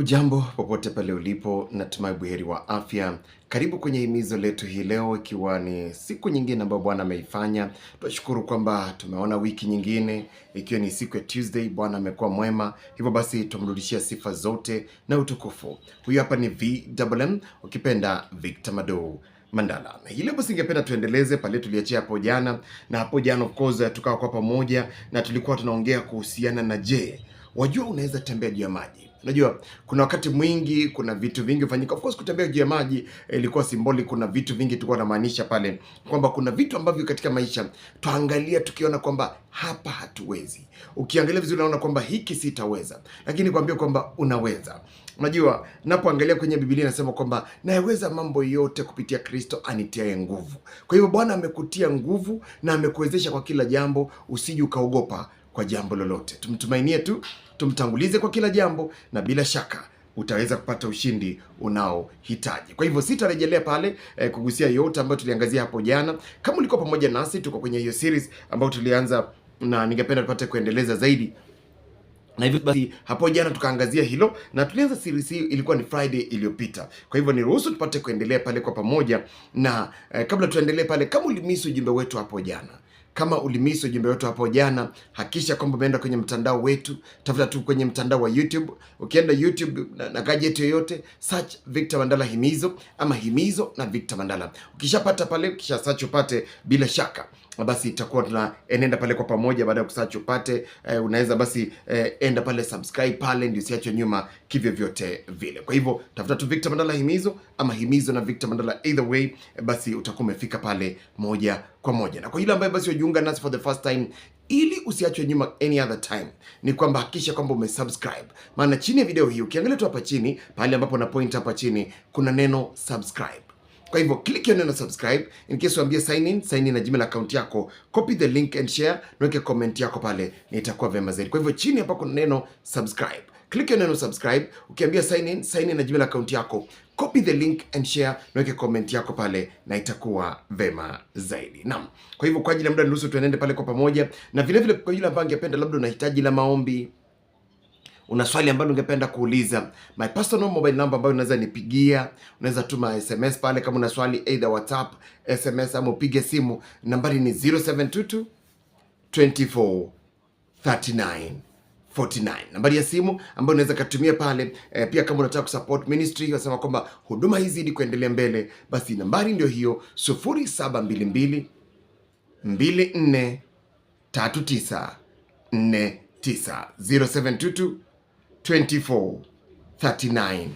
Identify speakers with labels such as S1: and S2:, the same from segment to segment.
S1: ujambo popote pale ulipo, natumai buheri wa afya. Karibu kwenye himizo letu hii leo, ikiwa ni siku nyingine ambayo Bwana ameifanya. Tunashukuru kwamba tumeona wiki nyingine, ikiwa ni siku ya Tuesday. Bwana amekuwa mwema, hivyo basi tumrudishia sifa zote na utukufu. Huyu hapa ni VMM, ukipenda Victor Madou Mandala. Hii leo basi ningependa tuendeleze pale tuliachia hapo jana, na hapo jana of course tukawa kwa pamoja na tulikuwa tunaongea kuhusiana na je, wajua unaweza tembea juu ya maji Unajua, kuna wakati mwingi, kuna vitu vingi hufanyika. Of course, kutembea juu ya maji eh, ilikuwa simboli, Kuna vitu vingi tulikuwa tunamaanisha pale kwamba kuna vitu ambavyo katika maisha twaangalia tukiona kwamba hapa hatuwezi. Ukiangalia vizuri, unaona kwamba hiki sitaweza, lakini kuambia kwamba unaweza. Unajua, napoangalia kwenye Biblia inasema kwamba nayeweza mambo yote kupitia Kristo anitiaye nguvu. Kwa hivyo Bwana amekutia nguvu na amekuwezesha kwa kila jambo, usije ukaogopa kwa jambo lolote. Tumtumainie tu, tumtangulize kwa kila jambo, na bila shaka utaweza kupata ushindi unaohitaji. Kwa hivyo sitarejelea pale eh, kugusia yote ambayo tuliangazia hapo jana. Kama ulikuwa pamoja nasi, tuko kwenye hiyo series ambayo tulianza, na ningependa tupate kuendeleza zaidi na hivyo basi hapo jana tukaangazia hilo na tulianza series hii, ilikuwa ni Friday iliyopita. Kwa hivyo niruhusu tupate kuendelea pale kwa pamoja na eh, kabla tuendelee pale, kama ulimiss ujumbe wetu hapo jana kama ulimisi ujumbe wetu hapo jana, hakisha kwamba umeenda kwenye mtandao wetu. Tafuta tu kwenye mtandao wa YouTube. Ukienda YouTube na, na gadget yoyote search Victor Mandala Himizo ama Himizo na Victor Mandala. Ukishapata pale, kisha search upate bila shaka basi itakuwa tuna enenda pale kwa pamoja. Baada ya kusearch upate eh, unaweza basi eh, enda pale subscribe pale, ndio usiachwe nyuma kivyo vyote vile. Kwa hivyo tafuta tu Victor Mandala Himizo ama Himizo na Victor Mandala, either way eh, basi utakuwa umefika pale moja kwa moja. Na kwa yule ambaye basi wajiunga nasi for the first time ili usiachwe nyuma any other time, ni kwamba hakikisha kwamba umesubscribe, maana chini ya video hii ukiangalia tu hapa chini, pale ambapo na point hapa chini kuna neno subscribe. Kwa hivyo click hiyo neno subscribe, in case uambie sign in, sign in na Gmail account yako, copy the link and share, na weke comment yako pale, na itakuwa vema zaidi. Kwa hivyo chini hapa kuna neno subscribe, click hiyo neno subscribe, ukiambia sign in, sign in na Gmail account yako, copy the link and share, na weke comment yako pale, na itakuwa vema zaidi. Naam, kwa hivyo kwa ajili ya muda niruhusu tuende pale kwa pamoja, na vile vile kwa yule ambaye angependa labda unahitaji la maombi una swali ambalo ungependa kuuliza, my personal mobile number ambayo unaweza nipigia, unaweza tuma SMS pale kama una swali, either WhatsApp, SMS ama upige simu, nambari ni 0722 24 39 49 nambari ya simu ambayo unaweza katumia pale e, pia kama unataka kusupport ministry, wasema kwamba huduma hizi ili kuendelea mbele, basi nambari ndio hiyo 0722 24 39 49 0722 24, 39,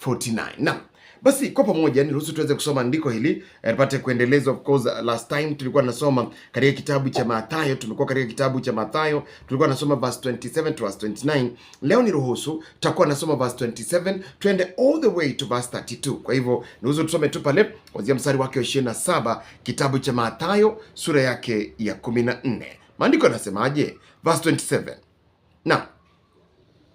S1: 49. Naam. Basi kwa pamoja niruhusu tuweze kusoma andiko hili eh, tupate kuendeleza. Of course, uh, last time tulikuwa nasoma katika kitabu cha Mathayo, tumekuwa katika kitabu cha Mathayo, tulikuwa nasoma verse 27 to verse 29. Leo niruhusu tutakuwa nasoma verse 27 twende all the way to verse 32. Kwa hivyo niruhusu tusome tu pale kuanzia mstari wake wa 27 kitabu cha Mathayo sura yake ya 14. Maandiko yanasemaje? Verse 27. Now,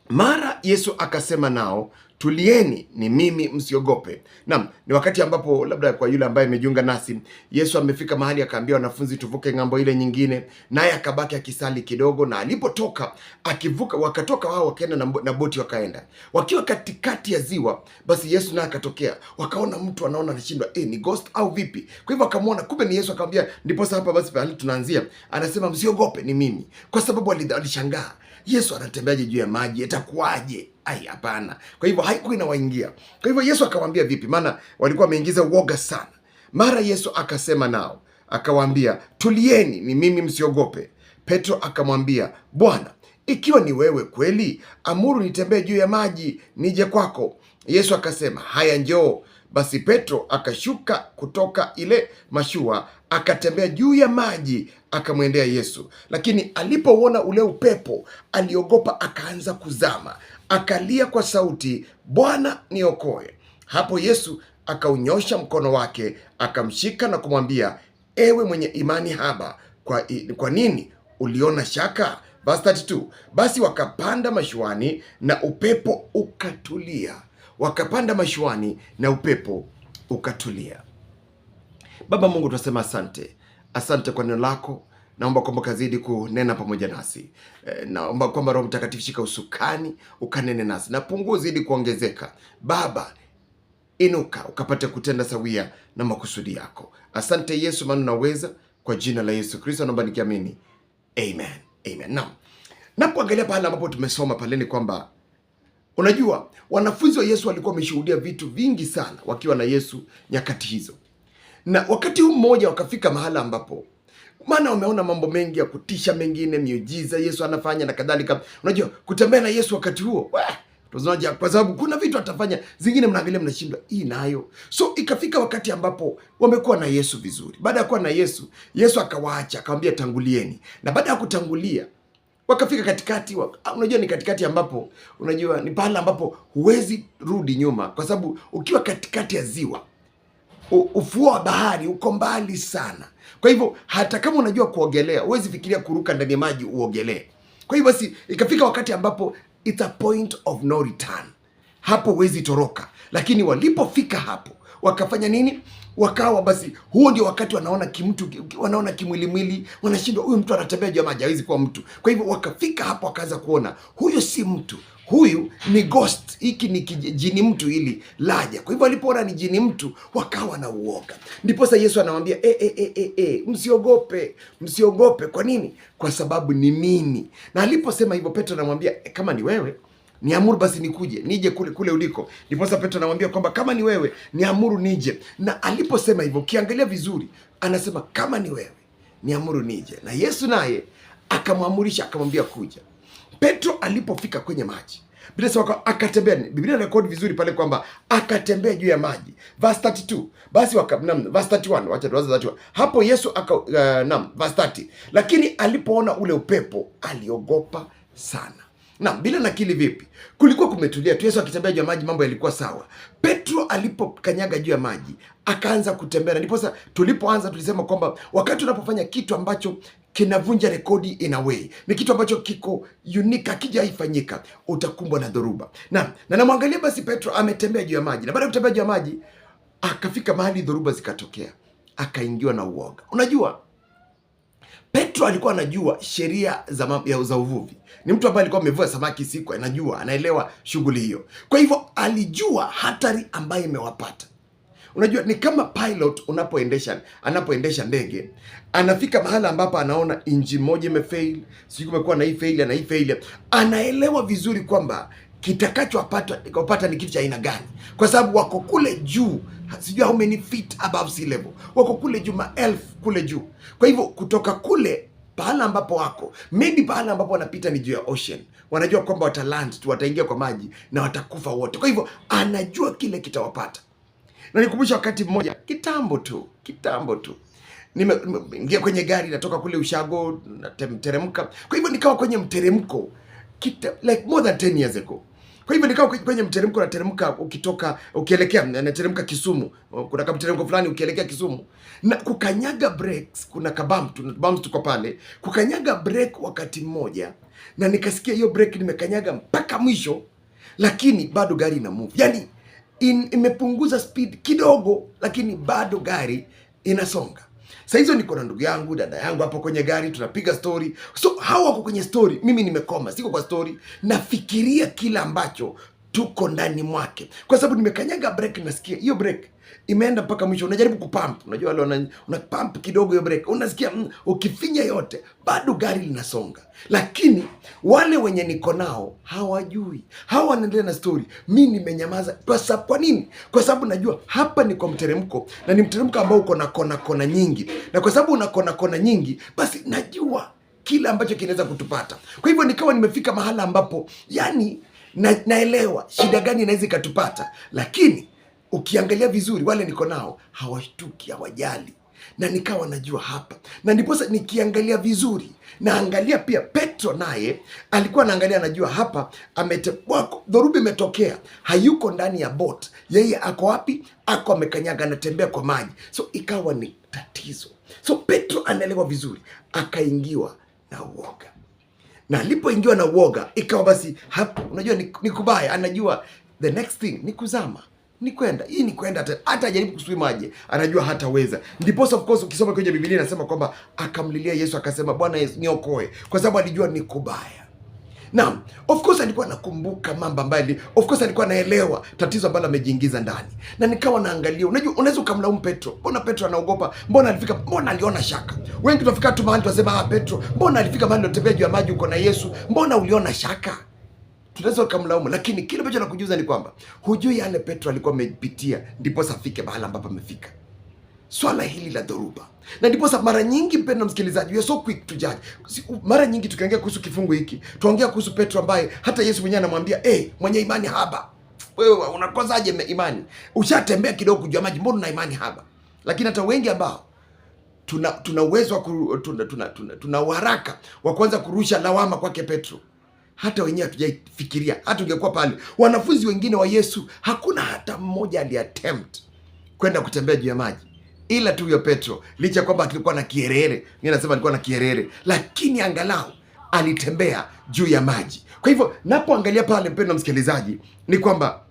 S1: mara Yesu akasema nao, tulieni, ni mimi, msiogope. Naam, ni wakati ambapo labda kwa yule ambaye amejiunga nasi, Yesu amefika mahali akaambia wanafunzi tuvuke ng'ambo ile nyingine, naye akabaki akisali kidogo, na alipotoka akivuka, wakatoka wao wakaenda na, na boti wakaenda. Wakiwa katikati ya ziwa, basi Yesu naye akatokea, wakaona mtu anaona anashindwa, eh, ni ghost au vipi? Kwa hivyo akamwona, kumbe ni Yesu, akamwambia, ndiposa hapa basi pahali tunaanzia, anasema msiogope, ni mimi, kwa sababu alishangaa Yesu anatembeaje juu ya maji? Itakuwaje? Ai, hapana. Kwa hivyo haikuwa inawaingia. Kwa hivyo Yesu akawaambia vipi? Maana walikuwa wameingiza uoga sana. Mara Yesu akasema nao akawaambia, tulieni, ni mimi, msiogope. Petro akamwambia, Bwana, ikiwa ni wewe kweli, amuru nitembee juu ya maji nije kwako. Yesu akasema, haya, njoo. Basi Petro akashuka kutoka ile mashua akatembea juu ya maji akamwendea Yesu, lakini alipouona ule upepo aliogopa, akaanza kuzama, akalia kwa sauti, Bwana niokoe. Hapo Yesu akaunyosha mkono wake akamshika na kumwambia, ewe mwenye imani haba, kwa, kwa nini uliona shaka? Basi 32 basi wakapanda mashuani na upepo ukatulia, wakapanda mashuani na upepo ukatulia. Baba Mungu, tunasema asante Asante kwa neno lako, naomba kwamba kazidi kunena pamoja nasi e, naomba kwamba Roho Mtakatifu shika usukani ukanene nasi na punguo zidi kuongezeka. Baba inuka ukapate kutenda sawia na makusudi yako. Asante Yesu, maana unaweza. Kwa jina la Yesu Kristo naomba nikiamini, amen, amen. Naam, napoangalia pale ambapo tumesoma pale ni kwamba unajua wanafunzi wa Yesu walikuwa wameshuhudia vitu vingi sana wakiwa na Yesu nyakati hizo na wakati huu mmoja wakafika mahala ambapo maana wameona mambo mengi ya kutisha, mengine miujiza Yesu anafanya na kadhalika. Unajua kutembea na Yesu wakati huo tunaja, kwa sababu kuna vitu atafanya, zingine mnaangalia mnashindwa hii nayo. So ikafika wakati ambapo wamekuwa na Yesu vizuri. Baada ya kuwa na Yesu, Yesu akawaacha akamwambia tangulieni, na baada ya kutangulia wakafika katikati wa, ah, unajua ni katikati ambapo unajua ni pahala ambapo huwezi rudi nyuma, kwa sababu ukiwa katikati ya ziwa ufuo wa bahari uko mbali sana. Kwa hivyo hata kama unajua kuogelea, huwezi fikiria kuruka ndani ya maji uogelee. Kwa hivyo basi ikafika wakati ambapo it's a point of no return, hapo huwezi toroka. Lakini walipofika hapo wakafanya nini, wakawa basi, huo ndio wakati wanaona kimtu, wanaona kimwilimwili, wanashindwa huyu mtu anatembea juu ya maji, hawezi kuwa mtu. Kwa hivyo wakafika hapo, wakaanza kuona huyu si mtu, huyu ni ghost, hiki ni jini mtu, ili laja. Kwa hivyo walipoona ni jini mtu, wakawa na uoga. Ndipo sasa Yesu anamwambia e, e, e, e, msiogope, msiogope. Kwa nini? Kwa sababu ni mimi. Na aliposema hivyo, Petro anamwambia e, kama ni wewe niamuru basi nikuje nije kule kule uliko. Ndiposa Petro anamwambia kwamba kama ni wewe niamuru nije, na aliposema hivyo, ukiangalia vizuri, anasema kama ni wewe niamuru nije, na Yesu naye akamwamurisha akamwambia kuja. Petro alipofika kwenye maji Biblia inasema akatembea. Biblia record vizuri pale kwamba akatembea juu ya maji. Verse 32. Basi wakamnam verse 31. Acha tuanze 31. Hapo Yesu aka uh, nam verse 30. Lakini alipoona ule upepo aliogopa sana. Na bila nakili vipi? Kulikuwa kumetulia tu, Yesu akitembea juu ya maji, mambo yalikuwa sawa. Petro alipokanyaga juu ya maji akaanza kutembea, na ndipo sasa tulipoanza tulisema kwamba wakati unapofanya kitu ambacho kinavunja rekodi in a way, ni kitu ambacho kiko unique, ifanyika utakumbwa na dhoruba. Na na namwangalia basi Petro ametembea juu ya maji, na baada ya kutembea juu ya maji akafika mahali dhoruba zikatokea, akaingiwa na uoga. Unajua Petro alikuwa anajua sheria za, za uvuvi. Ni mtu ambaye alikuwa amevua samaki siku, anajua anaelewa shughuli hiyo. Kwa hivyo alijua hatari ambayo imewapata. Unajua, ni kama pilot unapoendesha anapoendesha ndege, anafika mahala ambapo anaona injini moja imefail, sijui kumekuwa na hii failure na hii failure, anaelewa vizuri kwamba kitakachopata ni kitu cha aina gani, kwa sababu wako kule juu sijui how many feet above sea level, wako kule juu, maelfu kule juu. Kwa hivyo kutoka kule pahala ambapo wako maybe pahala ambapo wanapita ni juu ya ocean, wanajua kwamba wataland tu, wataingia kwa maji na watakufa wote. Kwa hivyo anajua kile kitawapata, na nikumbusha wakati mmoja kitambo tu, kitambo tu nimeingia kwenye gari natoka kule Ushago, teremka Kwa hivyo nikawa kwenye mteremko kita, like more than 10 years ago kwa hivyo nikao kwenye mteremko nateremka ukitoka ukielekea unateremka Kisumu, kuna kama mteremko fulani ukielekea Kisumu na kukanyaga brakes, kuna kabam tunabams tuko pale, kukanyaga break wakati mmoja na nikasikia hiyo break nimekanyaga mpaka mwisho, lakini bado gari ina move. yani in, imepunguza speed kidogo, lakini bado gari inasonga. Saa hizo niko na ndugu yangu, dada yangu hapo kwenye gari, tunapiga story. So hao wako kwenye story, mimi nimekoma, siko kwa story, nafikiria kila ambacho tuko ndani mwake, kwa sababu nimekanyaga break, nasikia hiyo break imeenda mpaka mwisho. Unajaribu kupump, unajua leo una, pump kidogo hiyo break, unasikia mm, ukifinya yote bado gari linasonga, lakini wale wenye niko nao hawajui, hawa wanaendelea na story. Mi nimenyamaza kwa sababu, kwa nini? Kwa sababu najua hapa ni kwa mteremko na ni mteremko ambao uko na kona kona nyingi, na kwa sababu una kona kona nyingi, basi najua kila ambacho kinaweza kutupata. Kwa hivyo nikawa nimefika mahala ambapo yani na naelewa shida gani inaweza ikatupata, lakini ukiangalia vizuri, wale niko nao hawashtuki, hawajali na nikawa najua hapa, na ndiposa nikiangalia vizuri, naangalia pia Petro naye alikuwa anaangalia, anajua hapa ametebwako, dhoruba imetokea, hayuko ndani ya bot, yeye ako wapi? Ako amekanyaga, anatembea kwa maji, so ikawa ni tatizo. So Petro anaelewa vizuri, akaingiwa na uoga na alipoingiwa na uoga ikawa basi hapo, unajua ni, kubaya, anajua the next thing ni kuzama ni kwenda hii ni kwenda hata hata ajaribu kuswim maji anajua hataweza. Ndipo of course ukisoma kwenye Biblia inasema kwamba akamlilia Yesu akasema, Bwana Yesu niokoe, kwa sababu alijua ni kubaya. Naam, of course alikuwa anakumbuka mambo ambayo, of course alikuwa anaelewa tatizo ambalo amejiingiza ndani, na nikawa naangalia. Unajua, unaweza ukamlaumu Petro, mbona Petro anaogopa? Mbona alifika? Mbona aliona shaka? Wengi tunafika tu mahali tunasema, ah, Petro, mbona alifika mahali unatembea juu ya maji, uko na Yesu, mbona uliona shaka? Tunaweza ukamlaumu, lakini kile ambacho nakujuza ni kwamba hujui yale Petro alikuwa amepitia, ndipo safike mahali ambapo amefika swala hili la dhoruba, na ndiposa mara nyingi, mpendo msikilizaji, we are so quick to judge. Mara nyingi tukiongea kuhusu kifungu hiki, tuongea kuhusu Petro ambaye hata Yesu mwenyewe anamwambia hey, eh, mwenye imani haba, wewe unakosaje imani? Ushatembea kidogo kujua maji, mbona una imani haba? Lakini hata wengi ambao tuna tuna uwezo wa tuna, tuna, tuna, tuna uharaka wa kuanza kurusha lawama kwake Petro, hata wenyewe hatujaifikiria. Hata ungekuwa pale wanafunzi wengine wa Yesu, hakuna hata mmoja aliatempt kwenda kutembea juu ya maji ila tu huyo Petro, licha kwamba alikuwa na kierere, mimi nasema alikuwa na kierere, lakini angalau alitembea juu ya maji. Kwa hivyo napoangalia pale, mpendwa msikilizaji, ni kwamba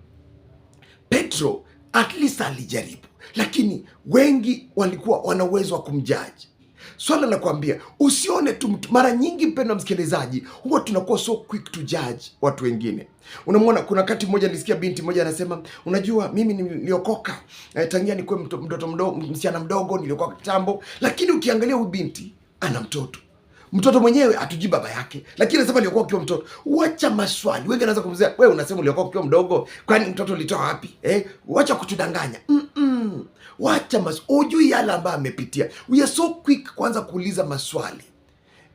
S1: Petro at least alijaribu, lakini wengi walikuwa wana uwezo wa kumjaji Swala la kuambia usione tu mtu. Mara nyingi, mpendwa msikilizaji, huwa tunakuwa so quick to judge watu wengine. Unamwona, kuna wakati mmoja nilisikia binti mmoja anasema, unajua mimi niliokoka eh, tangia nikuwe mtoto mdogo, msichana mdogo, niliokoka kitambo. Lakini ukiangalia huyu binti ana mtoto mtoto mwenyewe hatujui baba yake, lakini anasema aliokoa ukiwa mtoto. Wacha maswali, wengi anaweza kumzia wewe, unasema uliokoa ukiwa mdogo, kwani mtoto ulitoa wapi? Eh, wacha kutudanganya. mm -mm wacha mas ujui yale ambayo amepitia. We are so quick kwanza kuuliza maswali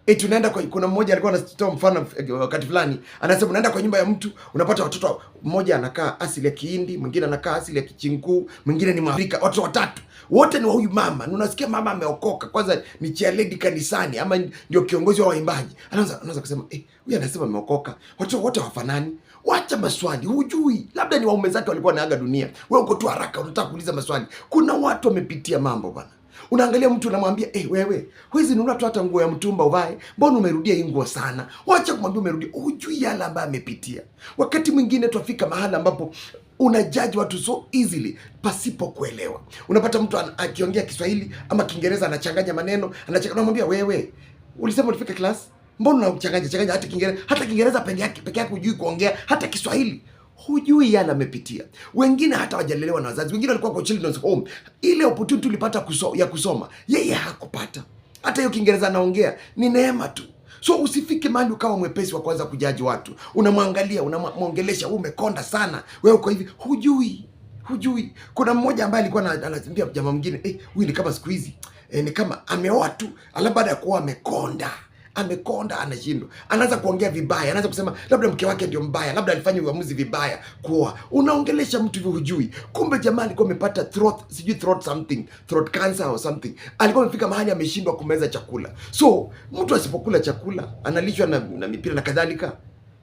S1: E, tunaenda kwa, kuna mmoja alikuwa anatoa mfano eh, wakati fulani, anasema unaenda kwa nyumba ya mtu unapata watoto, mmoja anakaa asili ya Kihindi, mwingine anakaa asili ya Kichinguu, mwingine ni Mwafrika, watoto watatu, wote ni wa huyu mama. Na unasikia mama ameokoka, kwanza ni chairlady kanisani, ama ndio kiongozi wa waimbaji, anaanza kusema eh, huyu anasema ameokoka, watoto wote hawafanani, Wacha maswali, hujui labda ni waume zake walikuwa naaga dunia, we uko tu haraka, unataka kuuliza maswali. Kuna watu wamepitia mambo bwana. Unaangalia mtu unamwambia hey, eh, wewe huwezi nunua tu hata nguo ya mtumba uvae, mbona umerudia hii nguo sana? Wacha kumwambia umerudia, hujui yale ambayo amepitia. Wakati mwingine twafika mahala ambapo unajaji watu so easily pasipo kuelewa. Unapata mtu akiongea Kiswahili ama Kiingereza anachanganya maneno, anachanganya, unamwambia wewe, ulisema ulifika class Mbona unamchanganya changanya hata Kiingereza, hata Kiingereza peke yake peke yake hujui kuongea, hata Kiswahili hujui yale amepitia. Wengine hata wajalelewa na wazazi, wengine walikuwa kwa children's home. Ile opportunity ulipata kuso, ya kusoma yeye hakupata. Hata hiyo Kiingereza anaongea ni neema tu. So usifike mali ukawa mwepesi wa kuanza kujaji watu. Unamwangalia, unamwongelesha, wewe umekonda sana. Wewe uko hivi, hujui. Hujui. Kuna mmoja ambaye alikuwa anatembea jamaa mwingine, eh, huyu ni kama siku hizi. Eh, ni kama ameoa tu, alafu baada ya kuoa amekonda amekonda, anashindwa, anaanza kuongea vibaya, anaanza kusema labda mke wake ndio mbaya, labda alifanya uamuzi vibaya kuoa. Unaongelesha mtu hivyo, hujui kumbe jamaa alikuwa amepata throat, sijui throat something, throat cancer or something. Alikuwa amefika mahali ameshindwa kumeza chakula. So mtu asipokula chakula analishwa na, na mipira na kadhalika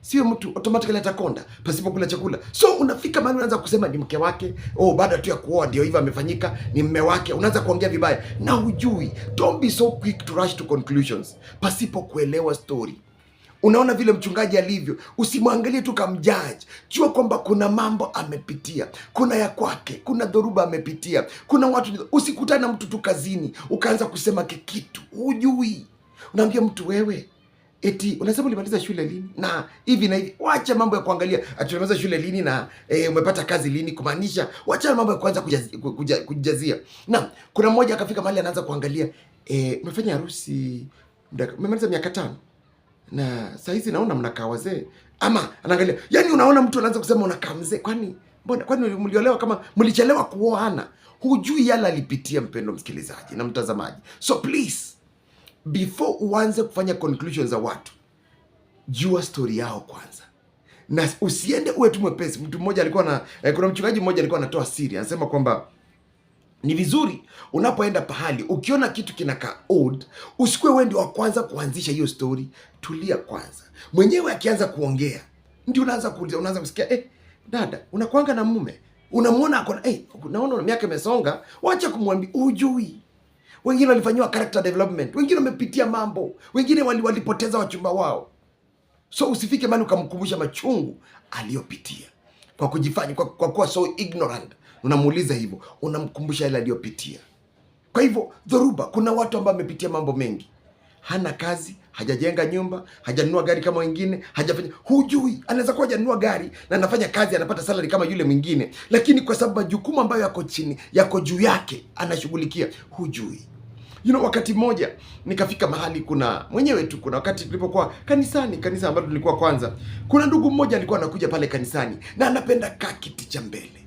S1: sio mtu automatically atakonda pasipo kula chakula. So unafika mahali unaanza kusema ni mke wake, oh, baada tu ya kuoa ndio hivyo amefanyika, ni mme wake, unaanza kuongea vibaya na hujui. Don't be so quick to rush to conclusions pasipo kuelewa story. Unaona vile mchungaji alivyo, usimwangalie tu kamjaji. Jua kwamba kuna mambo amepitia, kuna ya kwake, kuna dhoruba amepitia, kuna watu. Usikutane na mtu tu kazini ukaanza kusema kikitu hujui, unaambia mtu wewe eti unasema ulimaliza shule lini na hivi na hivi. Wacha mambo ya kuangalia ulimaliza shule lini na e, umepata kazi lini, kumaanisha wacha mambo ya kuanza kujazia, kujazia, kujazia. Na kuna mmoja akafika mahali anaanza kuangalia e, umefanya harusi umemaliza miaka tano na saa hizi naona mnakaa wazee, ama anaangalia yani, unaona mtu anaanza kusema unakaa mzee, kwani mbona, kwani mliolewa kama mlichelewa kuoana? Hujui yala alipitia mpendo msikilizaji na mtazamaji, so please before uanze kufanya conclusions za watu, jua story yao kwanza, na usiende uwe tu mwepesi. Mtu mmoja alikuwa na eh, kuna mchungaji mmoja alikuwa anatoa siri, anasema kwamba ni vizuri unapoenda pahali ukiona kitu kinakaa old, usikuwe wewe ndio wa kwanza kuanzisha hiyo story. Tulia kwanza, mwenyewe akianza kuongea ndio unaanza kuuliza, unaanza kusikia eh, dada unakwanga na mume unamwona akona eh, naona miaka imesonga, wacha kumwambia, ujui wengine walifanyiwa character development, wengine wamepitia mambo, wengine walipoteza wachumba wao. So usifike mahali ukamkumbusha machungu aliyopitia kwa kujifanya, kwa, kwa kuwa so ignorant, unamuuliza hivyo, unamkumbusha yale aliyopitia. Kwa hivyo, dhoruba, kuna watu ambao wamepitia mambo mengi hana kazi, hajajenga nyumba, hajanunua gari kama wengine, hajafanya, hujui. Anaweza kuwa hajanunua gari na anafanya kazi, anapata salari kama yule mwingine, lakini kwa sababu majukumu ambayo yako chini, yako juu yake, anashughulikia, hujui. You know, wakati mmoja nikafika mahali, kuna mwenyewe tu, kuna wakati tulipokuwa kanisani, kanisa ambalo tulikuwa kwanza, kuna ndugu mmoja alikuwa anakuja pale kanisani na anapenda kaa kiti cha mbele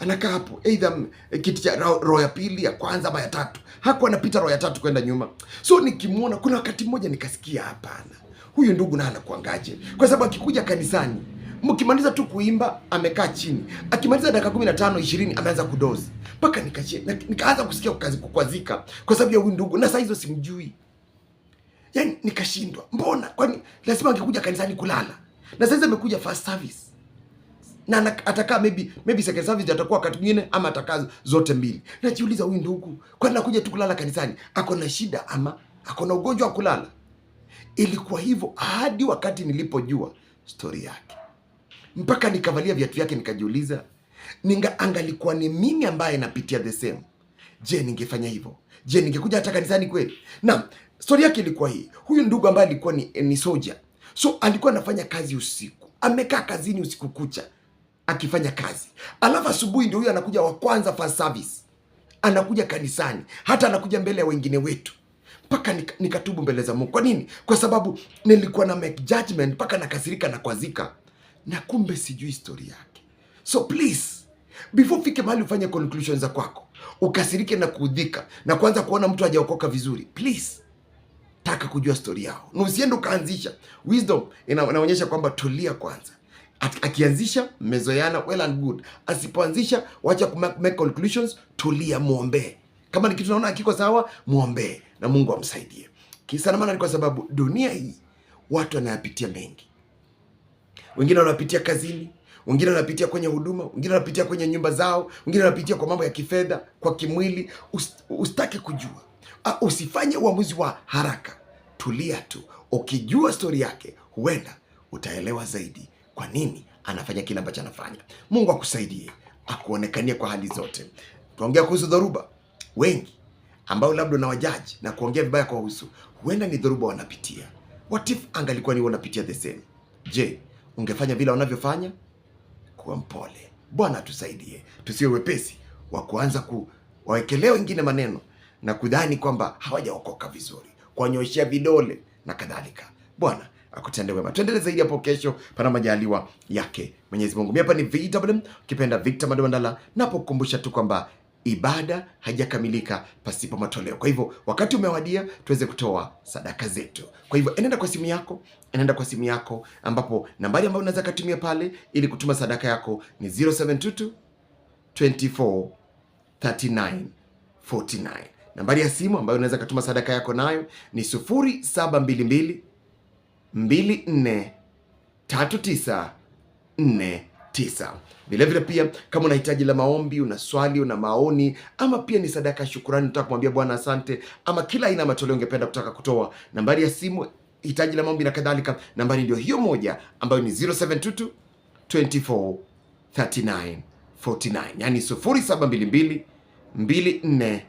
S1: anakaa hapo aidha eh, kiti cha roho ya pili ya kwanza ama ya tatu, hako anapita roho ya tatu kwenda nyuma. So nikimwona, kuna wakati mmoja nikasikia, hapana, huyu ndugu naye anakuangaje? Kwa sababu akikuja kanisani, mkimaliza tu kuimba amekaa chini, akimaliza dakika kumi na tano ishirini ameanza kudozi mpaka nikaanza kusikia kazi kukwazika kwa sababu ya huyu ndugu, na saa hizo simjui. Yani nikashindwa, mbona kwani lazima angekuja kanisani kulala, na saa hizi amekuja first service na atakaa maybe maybe second service atakuwa wakati mwingine ama atakaa zote mbili. Najiuliza, huyu ndugu kwani anakuja tu kulala kanisani, ako na shida ama ako na ugonjwa wa kulala? Ilikuwa hivyo hadi wakati nilipojua story yake, mpaka nikavalia viatu vyake, nikajiuliza ninga angalikuwa ni mimi ambaye napitia the same, je, ningefanya hivyo? Je, ningekuja hata kanisani kweli? Na story yake ilikuwa hii. Huyu ndugu ambaye alikuwa ni, ni soja, so alikuwa anafanya kazi usiku, amekaa kazini usiku kucha akifanya kazi, alafu asubuhi ndio huyo anakuja wa kwanza first service, anakuja kanisani, hata anakuja mbele ya wengine wetu mpaka nikatubu mbele za Mungu. Kwa nini? Kwa sababu nilikuwa na make judgment mpaka nakasirika na kwazika, na kumbe sijui story yake. So please before fike mahali ufanye conclusions za kwako ukasirike na kuudhika na kuanza kuona mtu hajaokoka vizuri, please taka kujua story yao na usiende ukaanzisha. Wisdom inaonyesha kwamba tulia kwanza akianzisha mezoyana well and good, asipoanzisha wacha make conclusions, tulia, muombe. Kama ni kitu naona akiko sawa, muombe na Mungu amsaidie. Kisa na maana ni kwa sababu dunia hii watu wanayapitia mengi, wengine wanapitia kazini, wengine wanapitia kwenye huduma, wengine wanapitia kwenye nyumba zao, wengine wanapitia kwa mambo ya kifedha, kwa kimwili. ustake kujua, ah, usifanye uamuzi wa haraka, tulia tu. Ukijua stori yake, huenda utaelewa zaidi kwa nini anafanya kile ambacho anafanya. Mungu akusaidie akuonekanie kwa hali zote. Tuongea kuhusu dhoruba, wengi ambao labda na wajaji na kuongea vibaya kwa husu, huenda ni dhoruba wanapitia. What if angalikuwa ni wanapitia the same? Je, ungefanya vile wanavyofanya? Kuwa mpole. Bwana atusaidie tusiwe wepesi wa kuanza kuwawekelea wengine maneno na kudhani kwamba hawajaokoka vizuri, kuwanyoshea vidole na kadhalika. Bwana akutende wema. Tuendelee zaidi hapo kesho, pana majaliwa yake Mwenyezi Mungu. Mimi hapa ni VMM, ukipenda Victor Mandala, napokukumbusha tu kwamba ibada haijakamilika pasipo matoleo. Kwa hivyo wakati umewadia tuweze kutoa sadaka zetu. Kwa hivyo enenda kwa simu yako, enenda kwa simu yako ambapo nambari ambayo unaweza katumia pale ili kutuma sadaka yako ni 0722 24 39 49. Nambari ya simu ambayo unaweza kutuma sadaka yako nayo ni 0722 mbili nne tatu tisa nne tisa. Vilevile pia kama unahitaji la maombi, una swali, una maoni, ama pia ni sadaka ya shukurani, unataka kumwambia Bwana asante, ama kila aina ya matoleo ungependa kutaka kutoa, nambari ya simu hitaji la maombi na kadhalika, nambari ndio hiyo moja ambayo ni 0722 24 39 49, yani 0722 24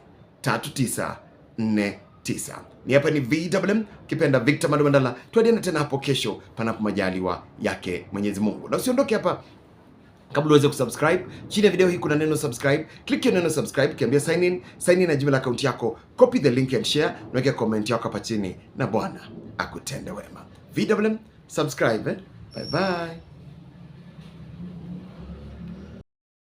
S1: 39 49 tisa. Ni hapa ni VMM kipenda Victor Mandala. Tuendeane tena hapo kesho, panapo majaliwa yake Mwenyezi Mungu, na usiondoke hapa Kabla uweze kusubscribe, chini ya video hii kuna neno subscribe. Click hiyo neno subscribe, kiambia sign in, sign in na jina la akaunti yako, copy the link and share, naweke comment yako hapa chini, na Bwana akutende wema. VMM subscribe, eh? Bye bye.